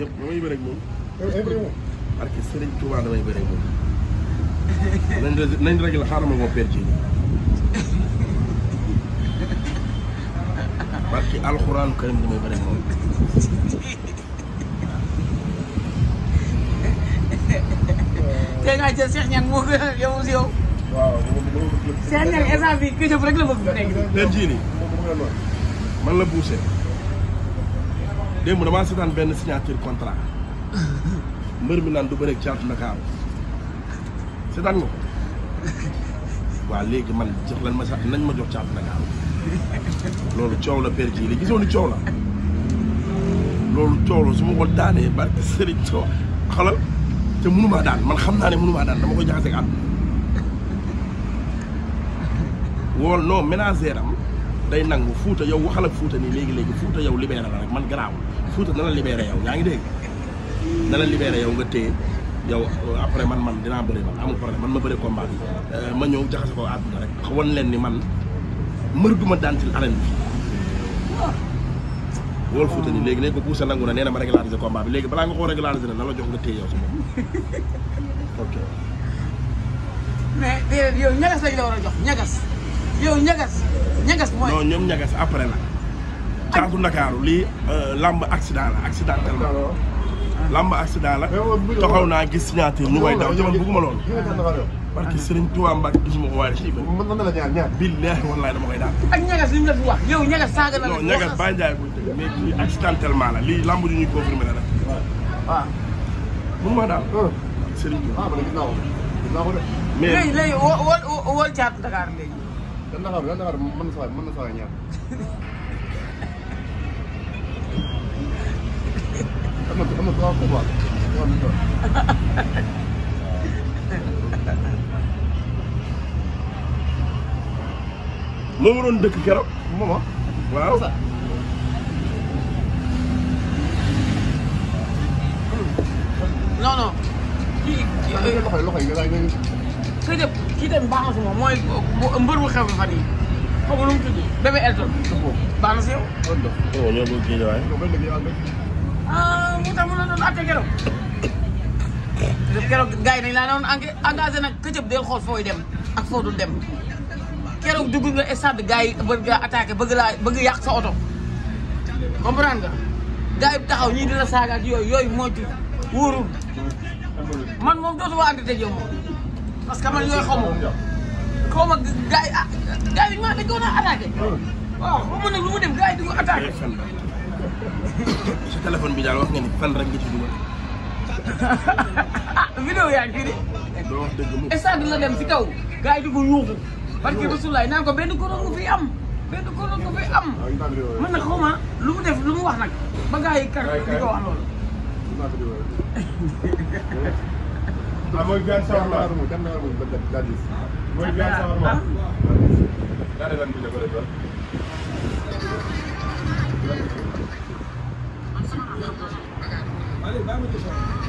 ñëpp damay bëri ak moom. parce que Serigne damay bëri moom. nañ nañ la xaaral ma woo perte yi. alxuraan karim damay bëri ak moom. tey ngaa moo gën a yow si yow. waaw Cheikh Niang rek la bëgg. nekk man la buuse. démb damaa seetaan benn signature contrat mbër mi naan du bëreeg caatu Ndakaaru seetaan nga ko waaw léegi man jox lan ma sa nañ ma jox caatu Ndakaaru loolu coow la père ji li ni coow la loolu coow la su ma ko daanee barke sëriñ coow xalal te mënumaa daan man xam naa ne mënumaa daan dama ko jaxase ak àdduna wool non day nangu fuuta yow waxal ak fuuta nii léegi-léegi fuuta yow libéré la rek man garaaw fuuta na la libéré yow ngi dégg na la libéré yow nga téye yow après man man dinaa bëri man amul problème man ma bëri combat bi euh, ma ñëw jaxase ko àdduna rek xawoon leen ni man mër duma daan ci arène bi loolu fuuta nii léegi léegi ko buusa nangu na nee na ma régulariser combat bi léegi balaa nga koo régulariser na la jox nga téye yow sa ok mais yow ñagas lañ war a jox ñagas yow ñagas ñagas mooy. la. taatu Ndakaaru lii làmb accident la accident tel la. làmb naa gis signature ñu may daw jaman bëgguma loolu. parce que Serigne Touba Mbacke gisuma ko waaye si biir. mën na la ñaar ñaar. billahi wallahi dama koy daal. ak ñagas li mu la fi wax yow ñagas saaga na la. non ñagas bàyyi njaay ko tëgg mais lii accidentellement la lii làmb ju ñuy confirmé la rek. waaw waaw. mënu ma daal. Serigne Touba. waaw man de gis ko gis lan la xaar lan la xaar mën na saa mën na saa ñaar. am na am na trois combats trois victoires. moo waroon dëkk keroog moom ah. waaw. non non. kii loxo yi loxo yi kër yëpp kii tamit baax moom mooy mbër bu xew mu tudd bébé Elton. baax ah, mu tax mu la doon atte keroog. keroog gars yi dañu laa doon nag kër yëpp xool fooy dem ak foo dul dem keroog dugg nga stade gars bëgg nga attaqué bëgg laa bëgg yàq sa oto comprendre nga gars yi taxaw ñii dina saagaat yooyu yooyu moytu wóorul man moom dootuma ànd te yow moom. parce que ma xaw ma ah, lu mu dem gars yi di ko bi daal wax nga ni fan rek nga ci dugal. Ah, yaa ngi fi de. doo la dem si kaw. gars yi di ko yuuxu. parce que Rasulullah naan ko benn fi am. man nag xaw lu mu def lu mu wax nag. ba gars kar di wax ah mooy Gane Sawar Mar mooy Gane Sawar Mar daal di. mooy Gane Sawar Mar. daal di lan bi dafa def lan.